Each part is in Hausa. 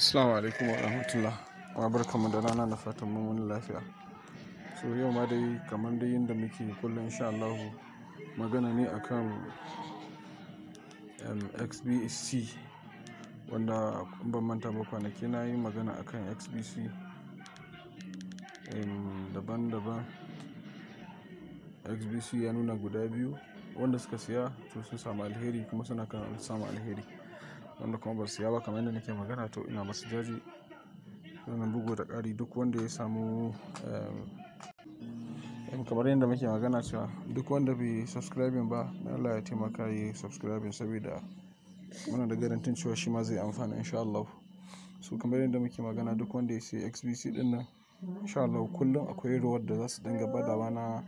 Assalamu alaikum wa rahmatullah wa barkamu da rana na fatan mun lafiya. So yau ma dai kamar dai yadda muke kullum insha Allah magana ne akan XBC wanda ban manta ba kwanaki na yi magana akan XBC daban-daban XBC ya nuna guda biyu wanda suka siya to sun samu alheri kuma suna kan samu alheri. wanda kuma ba su ba kamar yadda nake magana to ina masu jaji sannan bugu da ƙari duk wanda ya samu eh, kamar yadda muke magana cewa duk wanda bai subscribing ba na Allah ya taimaka yi subscribing saboda muna da garantin cewa shi ma zai amfana insha Allah su kamar yadda muke magana duk wanda ya sai XBC din nan insha Allah kullum akwai rawar da za su dinga badawa na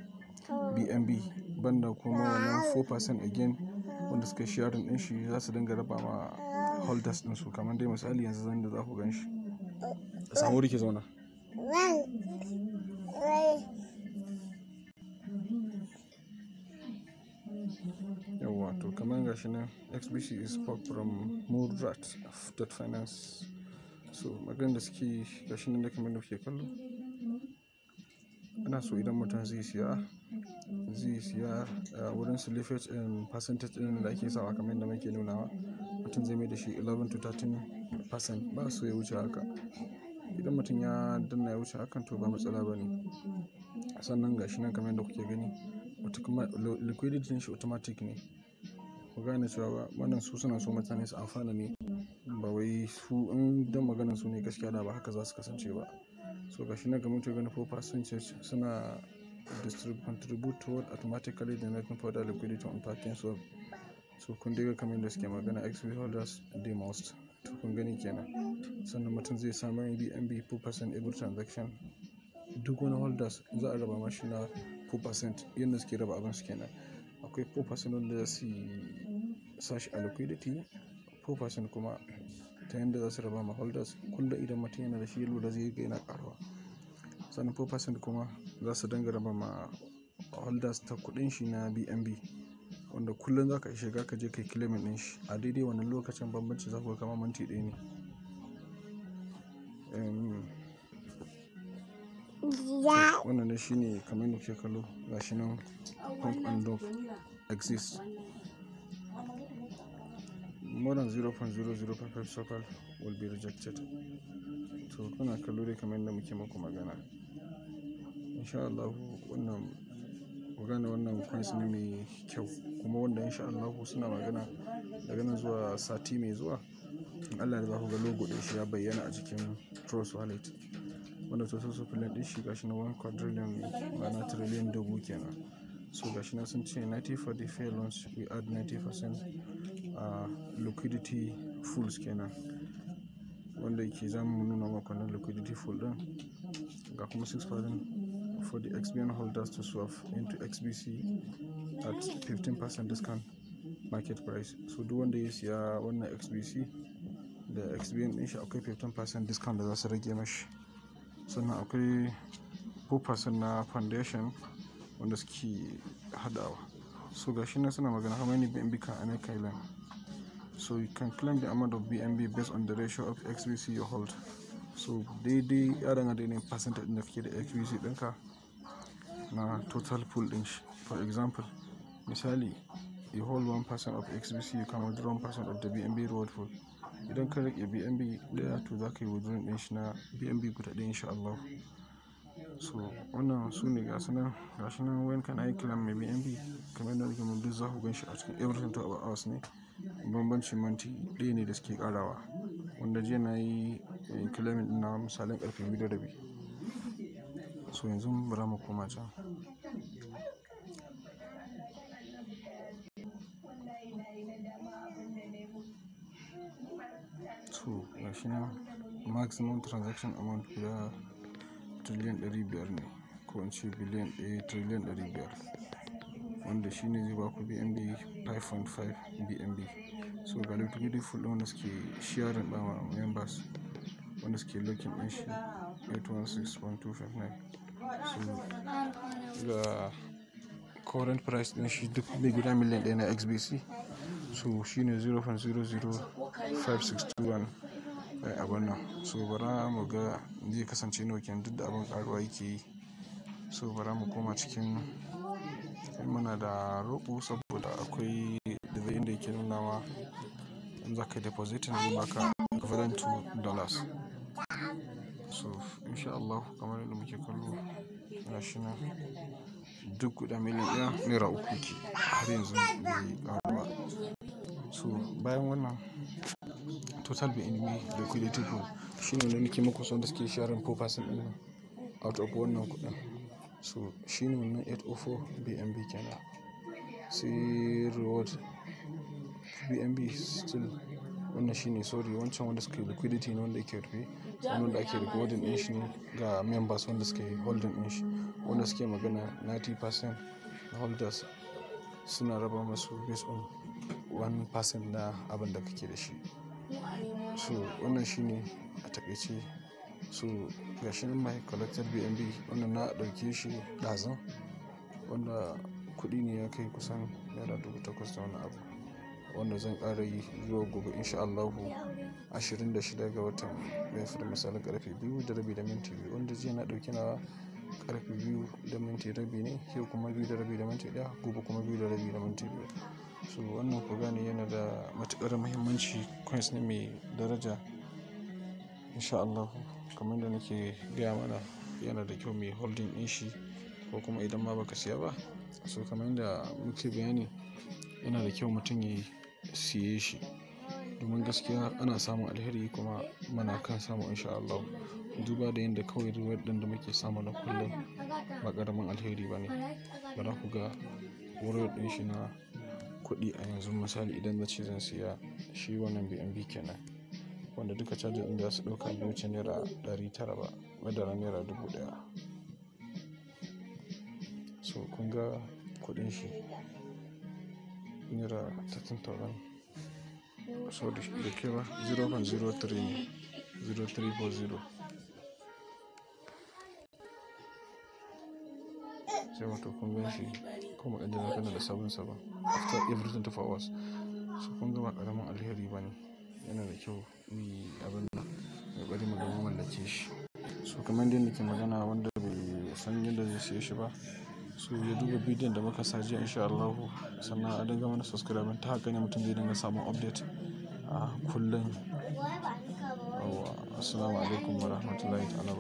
BNB banda kuma wannan 4% again wanda suka sharing din shi za su dinga raba ma holders din su kamar dai misali yanzu zan da za ku ganshi a samu rike zauna yawa to kamar gashi nan xbc is pop from of that finance so maganin da suke gashi nan da kamar da kuke kallo ana so idan mutum zai siya zai siya eh, wurin su leafage in percentage din da ake sawa kamar yadda muke nunawa mutum zai mai da shi 11 to 13% ba su ya wuce haka idan mutum ya danna ya wuce hakan to ba matsala ba ne sannan shi nan kamar yadda kuke gani liquidity shi automatic ne ku gane cewa ba wannan su suna so mutane su amfana ne ba wai su in dan magana su ne gaskiya da ba haka za su kasance ba so ga shi nan kamar kuke gani for suna distribute contribute toward automatically generating further liquidity on packings of so kun dai kamar da suke magana xp holders the most to kun gani kenan sannan mutum zai samu bnb 4% every transaction duk wani holders za a raba mashi na 4% yadda suke raba abin su kenan akwai 4% wanda za su sashi a liquidity 4% kuma ta yadda za su raba ma holders kunda idan mutum yana da shi lura zai ga yana karuwa sannan 4% kuma za su dinga raba ma holders ta kudin shi na bnb wanda kullum za ka shiga ka je kai kilimin ɗin shi a daidai wannan lokacin bambanci za ku kama minti ɗaya ne wannan ne shine kamar yadda ke kallo ga shi nan pump and dump exist more than 0.005 circle will be rejected to kuna kallo dai kamar yadda muke mako magana insha Allah wannan gane wannan coins ne mai kyau kuma wanda insha Allah suna magana daga nan zuwa sati mai zuwa in Allah da za ku ga logo din shi ya bayyana a cikin Tross Wallet wanda to sosu plan din shi gashi na 1 quadrillion ma'ana trillion dubu kenan so gashi na sun ce 90 for the fair loans we add 90% uh, liquidity fools kenan wanda ke zamu nuna maka na liquidity full din ga kuma 6% for the XBN holders to swap into XBC at 15% discount market price. So duk wanda ya siya wannan XBC da XBN is okay akwai 15% discount da za su rage mashi. Sannan akwai 4% na foundation wanda suke hadawa. So gashi na suna magana how many BNB can an claim. So you can claim the amount of BNB based on the ratio of XBC you hold. so daidai ya dangane da percentage da the da fbc na total pool din shi for example misali you hold one person of xbc you can withdraw one person of the bnb road pool idan ka rike bnb daya to za ka yi withdrawing din shi na bnb guda ɗaya insha Allah so wannan su ne ga sunan ga shi nan wayan kan ayi kilan mai bnb kamar yadda nake mun duk za ku gan shi a cikin everything to about hours ne bambancin manti ɗaya ne da suke karawa wanda jiya na yi kilamin eh, na misalin karfe biyu da rabi so yanzu bara mu koma can so gashi na maximum transaction amount guda trillion 500 ne ko in ce biliyan 1 eh, trillion 500 wanda shi ne zai baku bnb 5.5 bnb so ga little beautiful ɗin wanda suke sharing ɗama members wanda suke looking ɗin shi 816.259 ga current price din shi duk mai guda miliyan ɗaya na xbc so shine 0.00561 eh, abin nan so bara mu ga zai kasance nawa kenan duk da abin karuwa yake yi so bara mu koma cikin muna da roƙo saboda akwai da inda yake ma in za ka depositin zai baka equivalent to dollars so insha Allah kamar yadda muke kallo gashi duk guda miliyan ɗaya naira uku ke har yanzu bai ƙaruwa so bayan wannan total bai enemy liquidated pool shine ne nake muku son da suke sharing 4% ɗin out of wannan kuɗin so shine wannan 804 bnb kenan sai reward bnb still wannan shine sorry wancan wanda suke liquidity ne wanda yake rufe wanda wanda ake recording din shi ga members wanda suke holding din shi wanda suke magana 90% na holders suna raba masu based on 1% na abin da kake da shi so wannan shine a takaice so shi nan mai collected bnb wannan na dauke shi ɗazan wanda kudi ne ya kai kusan naira dubu takwas da wani abu wanda zan ƙara yi zuwa gobe insha Allah 26 ga watan April misali karfe 2 da rabi da minti biyu wanda zai na ɗauki na karfe 2 da minti rabi ne yau kuma 2 da rabi da minti 1 gobe kuma 2 da rabi da minti 2 so wannan ku gane yana da matuƙar muhimmanci coins ne mai daraja insha Allah kamar da nake gaya mana yana da kyau mai holding ɗin shi ko kuma idan ma baka siya ba so kamar yadda muke bayani yana da kyau mutum ya yi siye shi domin gaskiya ana samun alheri kuma muna kan samu insha Allah duba da yadda kawai ruwan da muke samu na kullum ba karamin alheri ba ne ba za ku ga wurin ɗin shi na kuɗi a yanzu misali idan na ce zan siya shi wannan bnb kenan wanda duka cajin inda su ɗauka bai wuce naira ɗari tara ba madara naira dubu ɗaya so kun ga kuɗin shi naira 13,000 sorry da ke ba 0.03 0340 sai wato kun gan shi kuma ƙaddara kana da sabon sabon after every 24 hours su kun gama ƙaramin alheri ba ne yana da kyau ni abin da ya ƙwari mu gama mallake shi so kamar yadda ke magana wanda bai san yadda zai siye shi ba so ya duba bidiyon da muka sa jiya insha Allah sannan a dinga mana subscribe ta haka ne mutum zai dinga samun update a kullum assalamu alaikum wa rahmatullahi ta'ala